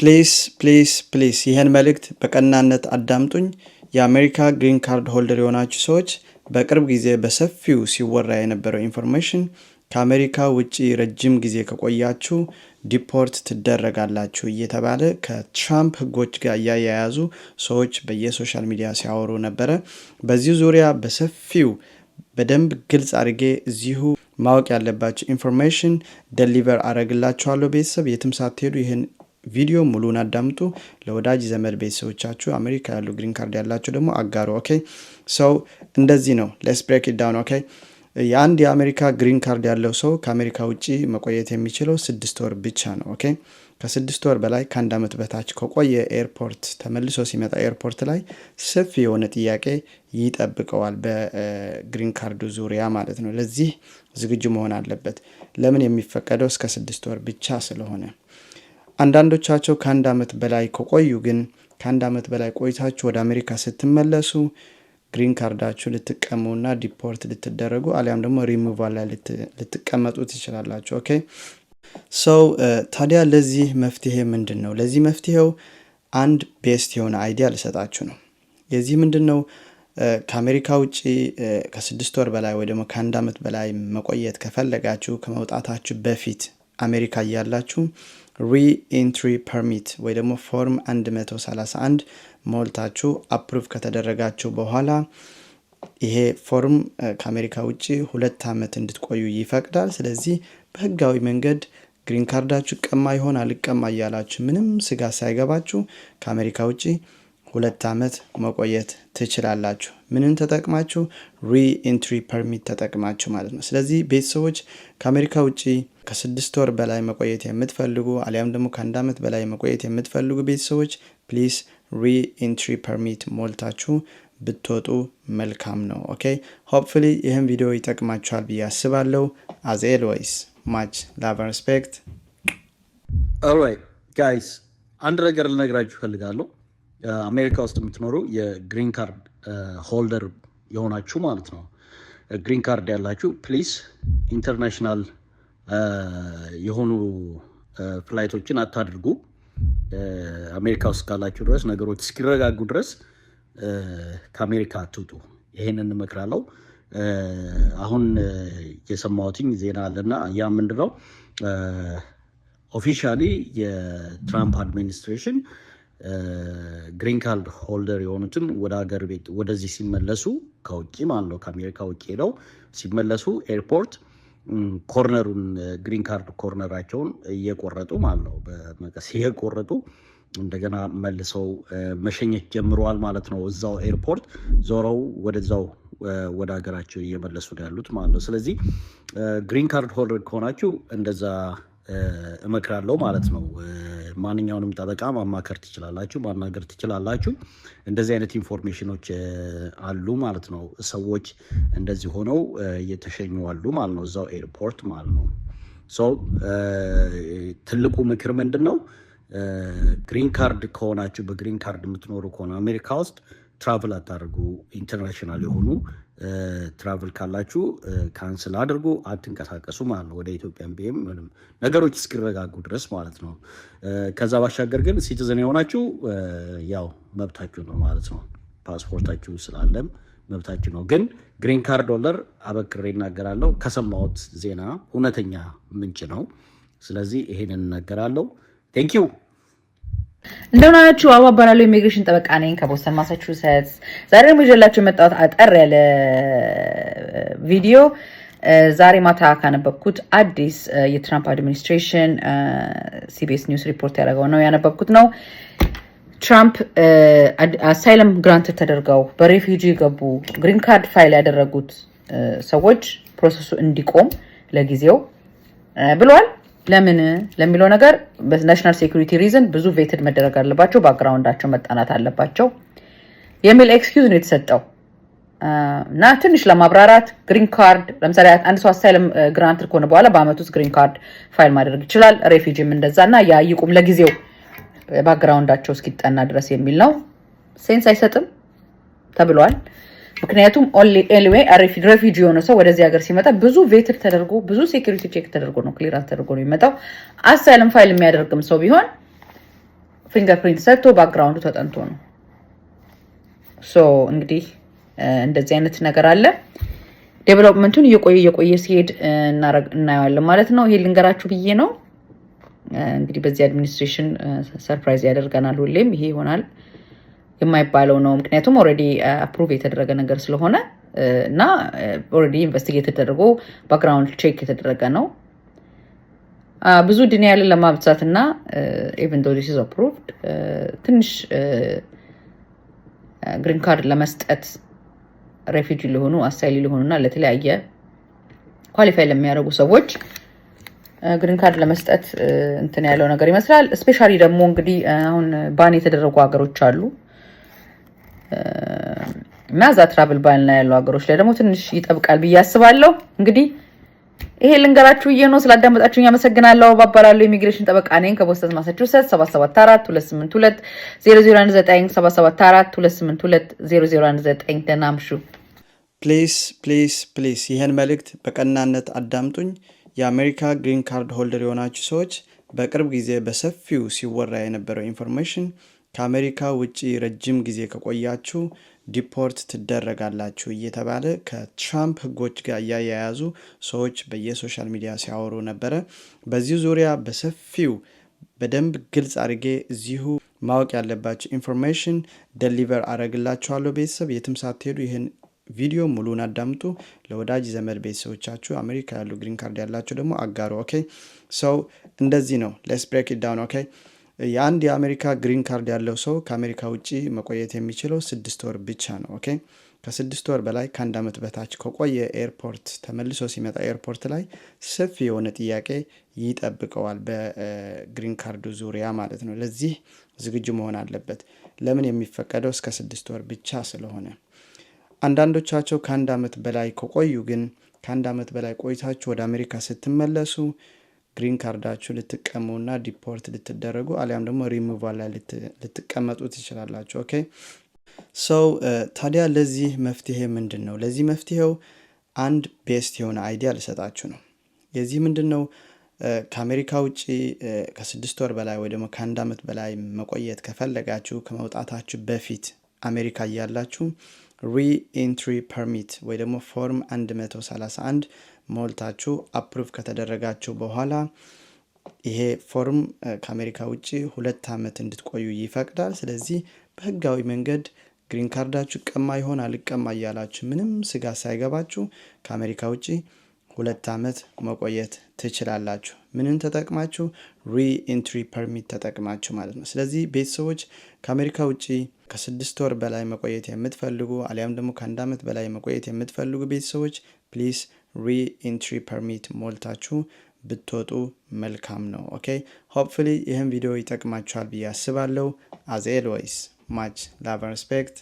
ፕሊስ ፕሊስ ፕሊስ ይህን መልእክት በቀናነት አዳምጡኝ። የአሜሪካ ግሪን ካርድ ሆልደር የሆናችሁ ሰዎች በቅርብ ጊዜ በሰፊው ሲወራ የነበረው ኢንፎርሜሽን ከአሜሪካ ውጭ ረጅም ጊዜ ከቆያችሁ ዲፖርት ትደረጋላችሁ እየተባለ ከትራምፕ ሕጎች ጋር እያያያዙ ሰዎች በየሶሻል ሚዲያ ሲያወሩ ነበረ። በዚህ ዙሪያ በሰፊው በደንብ ግልጽ አድርጌ እዚሁ ማወቅ ያለባቸው ኢንፎርሜሽን ደሊቨር አረግላችኋለሁ። ቤተሰብ የትም ሳትሄዱ ይህን ቪዲዮ ሙሉን አዳምጡ። ለወዳጅ ዘመድ ቤተሰቦቻችሁ፣ አሜሪካ ያሉ ግሪን ካርድ ያላቸው ደግሞ አጋሩ። ኦኬ ሰው እንደዚህ ነው። ሌትስ ብሬክ ዳውን ኦኬ። የአንድ የአሜሪካ ግሪን ካርድ ያለው ሰው ከአሜሪካ ውጭ መቆየት የሚችለው ስድስት ወር ብቻ ነው። ኦኬ ከስድስት ወር በላይ ከአንድ ዓመት በታች ከቆየ ኤርፖርት ተመልሶ ሲመጣ ኤርፖርት ላይ ሰፊ የሆነ ጥያቄ ይጠብቀዋል፣ በግሪን ካርዱ ዙሪያ ማለት ነው። ለዚህ ዝግጁ መሆን አለበት። ለምን የሚፈቀደው እስከ ስድስት ወር ብቻ ስለሆነ አንዳንዶቻቸው ከአንድ ዓመት በላይ ከቆዩ ግን ከአንድ ዓመት በላይ ቆይታችሁ ወደ አሜሪካ ስትመለሱ ግሪን ካርዳችሁ ልትቀሙና ዲፖርት ልትደረጉ አሊያም ደግሞ ሪሙቫ ላይ ልትቀመጡ ትችላላችሁ። ኦኬ ሰው ታዲያ ለዚህ መፍትሄ ምንድን ነው? ለዚህ መፍትሄው አንድ ቤስት የሆነ አይዲያ ልሰጣችሁ ነው። የዚህ ምንድን ነው? ከአሜሪካ ውጭ ከስድስት ወር በላይ ወይ ደግሞ ከአንድ ዓመት በላይ መቆየት ከፈለጋችሁ ከመውጣታችሁ በፊት አሜሪካ እያላችሁ ሪኢንትሪ ፐርሚት ወይ ደግሞ ፎርም 131 ሞልታችሁ አፕሩቭ ከተደረጋችሁ በኋላ ይሄ ፎርም ከአሜሪካ ውጭ ሁለት ዓመት እንድትቆዩ ይፈቅዳል። ስለዚህ በህጋዊ መንገድ ግሪን ካርዳችሁ ቀማ ይሆን አልቀማ እያላችሁ ምንም ስጋት ሳይገባችሁ ከአሜሪካ ውጭ ሁለት ዓመት መቆየት ትችላላችሁ። ምንን ተጠቅማችሁ? ሪኢንትሪ ፐርሚት ተጠቅማችሁ ማለት ነው። ስለዚህ ቤተሰቦች ከአሜሪካ ውጭ ከስድስት ወር በላይ መቆየት የምትፈልጉ አሊያም ደግሞ ከአንድ ዓመት በላይ መቆየት የምትፈልጉ ቤተሰቦች ፕሊስ ሪኢንትሪ ፐርሚት ሞልታችሁ ብትወጡ መልካም ነው። ኦኬ ሆፕፉሊ ይህም ቪዲዮ ይጠቅማችኋል ብዬ አስባለሁ። አዝ ኤልዌይስ ማች ላቭ ሪስፔክት። ኦልራይት ጋይስ አንድ ነገር ልነግራችሁ እፈልጋለሁ። አሜሪካ ውስጥ የምትኖሩ የግሪን ካርድ ሆልደር የሆናችሁ ማለት ነው። ግሪን ካርድ ያላችሁ ፕሊስ ኢንተርናሽናል የሆኑ ፍላይቶችን አታድርጉ። አሜሪካ ውስጥ ካላችሁ ድረስ ነገሮች እስኪረጋጉ ድረስ ከአሜሪካ አትውጡ። ይሄን እንመክራለው። አሁን የሰማሁትኝ ዜና አለና ያ ምንድነው ኦፊሻሊ የትራምፕ አድሚኒስትሬሽን ግሪን ካርድ ሆልደር የሆኑትን ወደ ሀገር ቤት ወደዚህ ሲመለሱ ከውጭ ማለት ነው ከአሜሪካ ውጭ ሄደው ሲመለሱ ኤርፖርት ኮርነሩን ግሪን ካርድ ኮርነራቸውን እየቆረጡ ማለት ነው በመቀስ እየቆረጡ እንደገና መልሰው መሸኘት ጀምረዋል ማለት ነው። እዛው ኤርፖርት ዞረው ወደዛው ወደ ሀገራቸው እየመለሱ ያሉት ማለት ነው። ስለዚህ ግሪን ካርድ ሆልደር ከሆናችሁ እንደዛ እመክራለሁ ማለት ነው። ማንኛውንም ጠበቃ ማማከር ትችላላችሁ፣ ማናገር ትችላላችሁ። እንደዚህ አይነት ኢንፎርሜሽኖች አሉ ማለት ነው። ሰዎች እንደዚህ ሆነው እየተሸኙ አሉ ማለት ነው፣ እዛው ኤርፖርት ማለት ነው። ሰው ትልቁ ምክር ምንድን ነው? ግሪን ካርድ ከሆናችሁ በግሪን ካርድ የምትኖሩ ከሆነ አሜሪካ ውስጥ ትራቭል አታደርጉ። ኢንተርናሽናል የሆኑ ትራቭል ካላችሁ ካንስል አድርጉ፣ አትንቀሳቀሱ ማለት ነው። ወደ ኢትዮጵያ ቢም ነገሮች እስኪረጋጉ ድረስ ማለት ነው። ከዛ ባሻገር ግን ሲቲዝን የሆናችሁ ያው መብታችሁ ነው ማለት ነው። ፓስፖርታችሁ ስላለም መብታችሁ ነው። ግን ግሪን ካርድ ዶለር አበክሬ እናገራለሁ። ከሰማሁት ዜና እውነተኛ ምንጭ ነው። ስለዚህ ይሄንን እናገራለሁ። ቴንኪው እንደምን አላችሁ? አበባ እባላለሁ ኢሚግሬሽን ጠበቃ ነኝ ከቦስተን ማሳቹሴትስ። ዛሬ ደግሞ ይዤላችሁ የመጣሁት አጠር ያለ ቪዲዮ ዛሬ ማታ ካነበብኩት አዲስ የትራምፕ አድሚኒስትሬሽን ሲቢኤስ ኒውስ ሪፖርት ያደረገው ነው ያነበብኩት ነው። ትራምፕ አሳይለም ግራንት ተደርገው በሬፊጂ የገቡ ግሪን ካርድ ፋይል ያደረጉት ሰዎች ፕሮሰሱ እንዲቆም ለጊዜው ብሏል። ለምን ለሚለው ነገር በናሽናል ሴኩሪቲ ሪዝን ብዙ ቬትድ መደረግ አለባቸው፣ ባክግራውንዳቸው መጣናት አለባቸው የሚል ኤክስኪውዝ ነው የተሰጠው። እና ትንሽ ለማብራራት ግሪን ካርድ ለምሳሌ አንድ ሰው አሳይለም ግራንት ከሆነ በኋላ በአመት ውስጥ ግሪን ካርድ ፋይል ማድረግ ይችላል። ሬፊጂም እንደዛ እና ያይቁም ለጊዜው ባክግራውንዳቸው እስኪጠና ድረስ የሚል ነው። ሴንስ አይሰጥም ተብሏል። ምክንያቱም ኤልዌይ ሬፊጂ የሆነ ሰው ወደዚህ ሀገር ሲመጣ ብዙ ቬትር ተደርጎ ብዙ ሴኪሪቲ ቼክ ተደርጎ ነው ክሊራንስ ተደርጎ ነው የሚመጣው። አሳይለም ፋይል የሚያደርግም ሰው ቢሆን ፊንገር ፕሪንት ሰጥቶ ባክግራውንዱ ተጠንቶ ነው። ሶ እንግዲህ እንደዚህ አይነት ነገር አለ። ዴቨሎፕመንቱን እየቆየ እየቆየ ሲሄድ እናየዋለን ማለት ነው። ይሄ ልንገራችሁ ብዬ ነው። እንግዲህ በዚህ አድሚኒስትሬሽን ሰርፕራይዝ ያደርገናል። ሁሌም ይሄ ይሆናል። የማይባለው ነው። ምክንያቱም ኦልሬዲ አፕሩቭ uh, የተደረገ ነገር ስለሆነ uh, እና ኦልሬዲ ኢንቨስቲጌት ተደርጎ ባክግራውንድ ቼክ የተደረገ ነው። uh, ብዙ ድንያ ያለን ለማብዛት እና ኢቨን ዶ ዲስ ኢዝ አፕሩቭድ ትንሽ ግሪን ካርድ ለመስጠት ሬፊጂ ሊሆኑ አሳይሊ ሊሆኑና ለተለያየ ኳሊፋይ ለሚያደርጉ ሰዎች ግሪን ካርድ ለመስጠት እንትን ያለው ነገር ይመስላል። ስፔሻሊ ደግሞ እንግዲህ አሁን ባን የተደረጉ ሀገሮች አሉ። እና እዛ ትራብል ባልና ያሉ ሀገሮች ላይ ደግሞ ትንሽ ይጠብቃል ብዬ አስባለሁ። እንግዲህ ይሄ ልንገራችሁ ብዬ ነው። ስላዳመጣችሁ አመሰግናለሁ። ባባላለሁ ኢሚግሬሽን ጠበቃ ነኝ ከቦስተን ማሳቹሴትስ 774282019 ደህና አምሹ። ፕሊስ ፕሊስ ፕሊስ ይህን መልእክት በቀናነት አዳምጡኝ። የአሜሪካ ግሪን ካርድ ሆልደር የሆናችሁ ሰዎች በቅርብ ጊዜ በሰፊው ሲወራ የነበረው ኢንፎርሜሽን ከአሜሪካ ውጭ ረጅም ጊዜ ከቆያችሁ ዲፖርት ትደረጋላችሁ እየተባለ ከትራምፕ ህጎች ጋር እያያያዙ ሰዎች በየሶሻል ሚዲያ ሲያወሩ ነበረ። በዚህ ዙሪያ በሰፊው በደንብ ግልጽ አድርጌ እዚሁ ማወቅ ያለባቸው ኢንፎርሜሽን ደሊቨር አረግላችኋለሁ። ቤተሰብ የትም ሳትሄዱ ይህን ቪዲዮ ሙሉን አዳምጡ። ለወዳጅ ዘመድ ቤተሰቦቻችሁ፣ አሜሪካ ያሉ ግሪን ካርድ ያላቸው ደግሞ አጋሩ። ኦኬ ሰው እንደዚህ ነው። ሌስ ብሬክ ዳውን ኦኬ የአንድ የአሜሪካ ግሪን ካርድ ያለው ሰው ከአሜሪካ ውጭ መቆየት የሚችለው ስድስት ወር ብቻ ነው። ኦኬ ከስድስት ወር በላይ ከአንድ ዓመት በታች ከቆየ ኤርፖርት ተመልሶ ሲመጣ ኤርፖርት ላይ ሰፊ የሆነ ጥያቄ ይጠብቀዋል፣ በግሪን ካርዱ ዙሪያ ማለት ነው። ለዚህ ዝግጁ መሆን አለበት። ለምን የሚፈቀደው እስከ ስድስት ወር ብቻ ስለሆነ። አንዳንዶቻቸው ከአንድ ዓመት በላይ ከቆዩ ግን ከአንድ ዓመት በላይ ቆይታችሁ ወደ አሜሪካ ስትመለሱ ግሪን ካርዳችሁ ልትቀሙና ዲፖርት ልትደረጉ አሊያም ደግሞ ሪሙቫል ላይ ልትቀመጡ ትችላላችሁ። ኦኬ ሰው ታዲያ ለዚህ መፍትሄ ምንድን ነው? ለዚህ መፍትሄው አንድ ቤስት የሆነ አይዲያ ልሰጣችሁ ነው። የዚህ ምንድን ነው? ከአሜሪካ ውጭ ከስድስት ወር በላይ ወይ ደግሞ ከአንድ ዓመት በላይ መቆየት ከፈለጋችሁ ከመውጣታችሁ በፊት አሜሪካ እያላችሁ ሪኢንትሪ ፐርሚት ወይ ደግሞ ፎርም 131 ሞልታችሁ አፕሩቭ ከተደረጋችሁ በኋላ ይሄ ፎርም ከአሜሪካ ውጭ ሁለት ዓመት እንድትቆዩ ይፈቅዳል። ስለዚህ በህጋዊ መንገድ ግሪን ካርዳችሁ ቀማ ይሆን አልቀማ እያላችሁ ምንም ስጋት ሳይገባችሁ ከአሜሪካ ውጭ ሁለት ዓመት መቆየት ትችላላችሁ። ምንን ተጠቅማችሁ? ሪኢንትሪ ፐርሚት ተጠቅማችሁ ማለት ነው። ስለዚህ ቤተሰቦች ከአሜሪካ ውጭ ከስድስት ወር በላይ መቆየት የምትፈልጉ አሊያም ደግሞ ከአንድ ዓመት በላይ መቆየት የምትፈልጉ ቤተሰቦች ፕሊስ ሪኢንትሪ ፐርሚት ሞልታችሁ ብትወጡ መልካም ነው። ኦኬ ሆፕፉሊ ይህን ቪዲዮ ይጠቅማችኋል ብዬ አስባለሁ። አዝ ኤልወይስ ማች ላቭ ሪስፔክት